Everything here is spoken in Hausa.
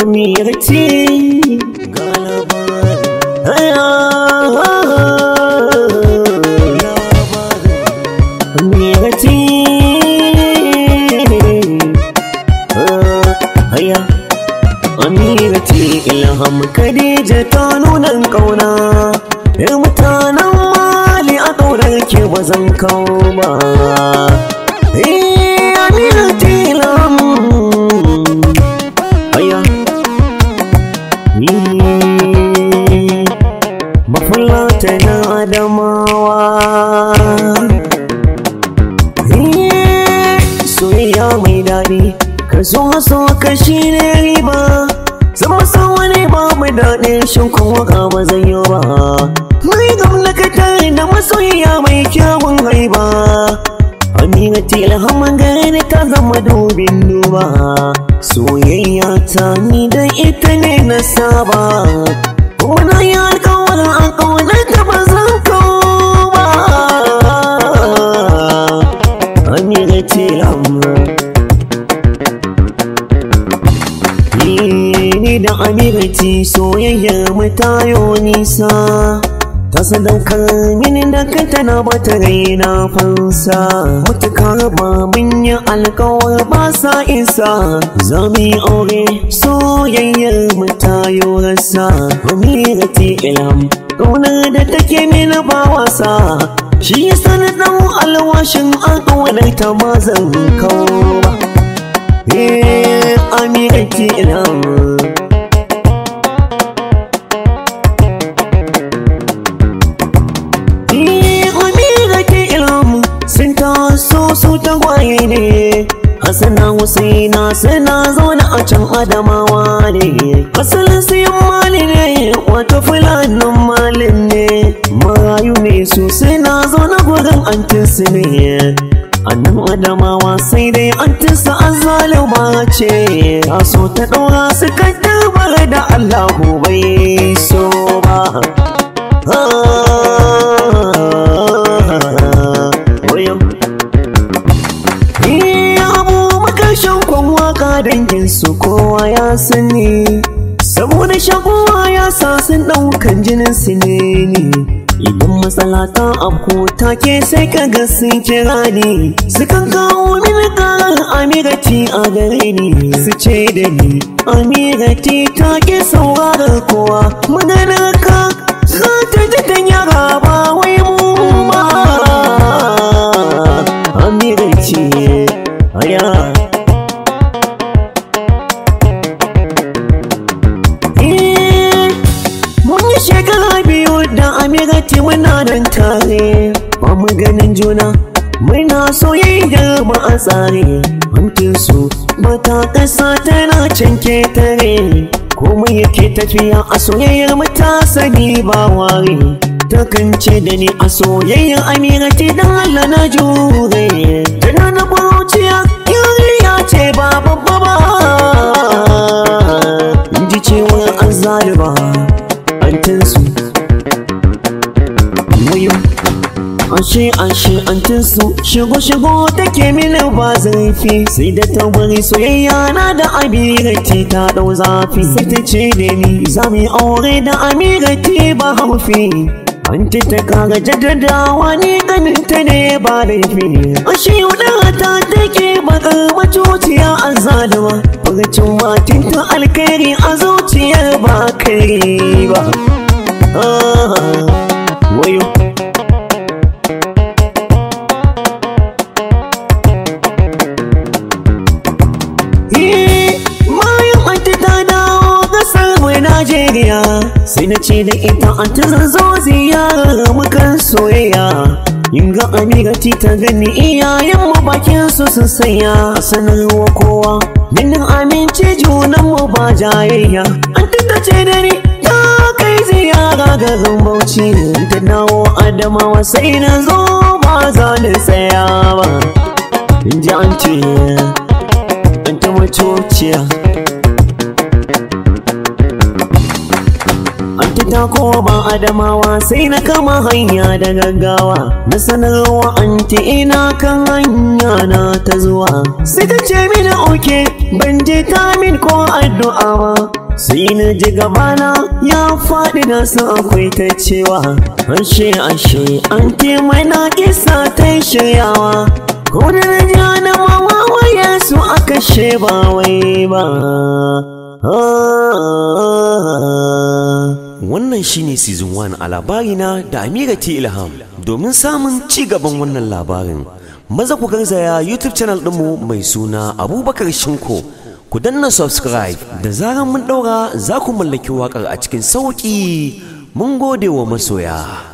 amirce galaba aya amirce aya amirce ilham kadija ta nunan kauna mutanen mali a ƙaunar ke bazan kawo ba zafi ka zo so ka shi ne riba zama san wani babu daɗin shin kuma ga ba zan yi ba mai gamna ka tare da masoyiya mai kyawun haiba amina ta ilhamin gani ta zama dubin duba soyayya ta ni da ita ne na saba kuma na yi da amirati soyayyar mata nisa ta sadaukar mini da kanta na bata raina fansa mutukar ba mun yi alkawar ba sa isa za mu yi aure soyayyar mata tayo rasa amirati ilham ƙaunar da take mini ba wasa shi ya sani dan alwashin an ƙaunar ta ma zan kawo ba Eh, Amira A Hassana Husaina suna zaune a can Adamawa ne Asalin siyan mali ne wato fulanin malin ne Marayu ne su suna zaune gurin antinsu ne Annan Adamawa sai dai antinsa azalima ce Taso ta ɗora su kan da allah bai su kowa ya sani saboda shakowa ya sa sun ɗaukan jinin su ne ni idan matsala ta ta ke, sai ka ga sun kira ni kan kawo mini karar amirati a gare ni su ce da ni amirati ta ke saurara kowa maganar ka za ta ji da yara ba shekara biyu da amirati muna nan tare ba mu ganin juna muna soyayyar ba a tsare su ba ta tana can ketare komai yake tafiya a soyayyar mu ta sani ba ware ta kance da ni a soyayyar amirati dan Allah na jure anshi ashe antinsu shigo shigo take mini ba zafi sai da ta bari soyayya na da abirati ta dau zafi sai ta ce da ni za aure da amirati ba haufi Anti ta kara jaddadawa ni ganinta ne ba laifi Ashe yauɗa ta take bakar macociya a zalima Farcin matin ta alkhairi a zuciyar ba kai ba ah, ah. na ce da ita a ziyara mukan soyayya in ga amigati ta gani iyayen mu bakin su sun sanya sanarwa kowa minin amince junan mu ba jayayya an ce da ni ta kai ziyara garin bauchi ta dawo adamawa sai na zo ba za da tsaya ba in ji an ce an ta matociya ta ba adamawa sai na kama hanya da gaggawa na sanarwa anti ina kan hanya na ta zuwa sai ta ce mini oke ban je ta min ko addu'a ba sai na ji gabana ya faɗi na su akwai ta cewa ashe ashe anti mai na kisa ta shiryawa ko da na ji na mamawa su aka ba wai ba Ah, ah, ah, ah. Wannan shine season 1 a labarina da Amira T. Ilham. Domin samun ci gaban wannan labarin, maza ku garzaya YouTube channel ɗinmu mai suna Abubakar Shinko. Ku danna subscribe da zaran mun ɗaura za ku mallaki wakar a cikin sauƙi. Mun gode wa masoya.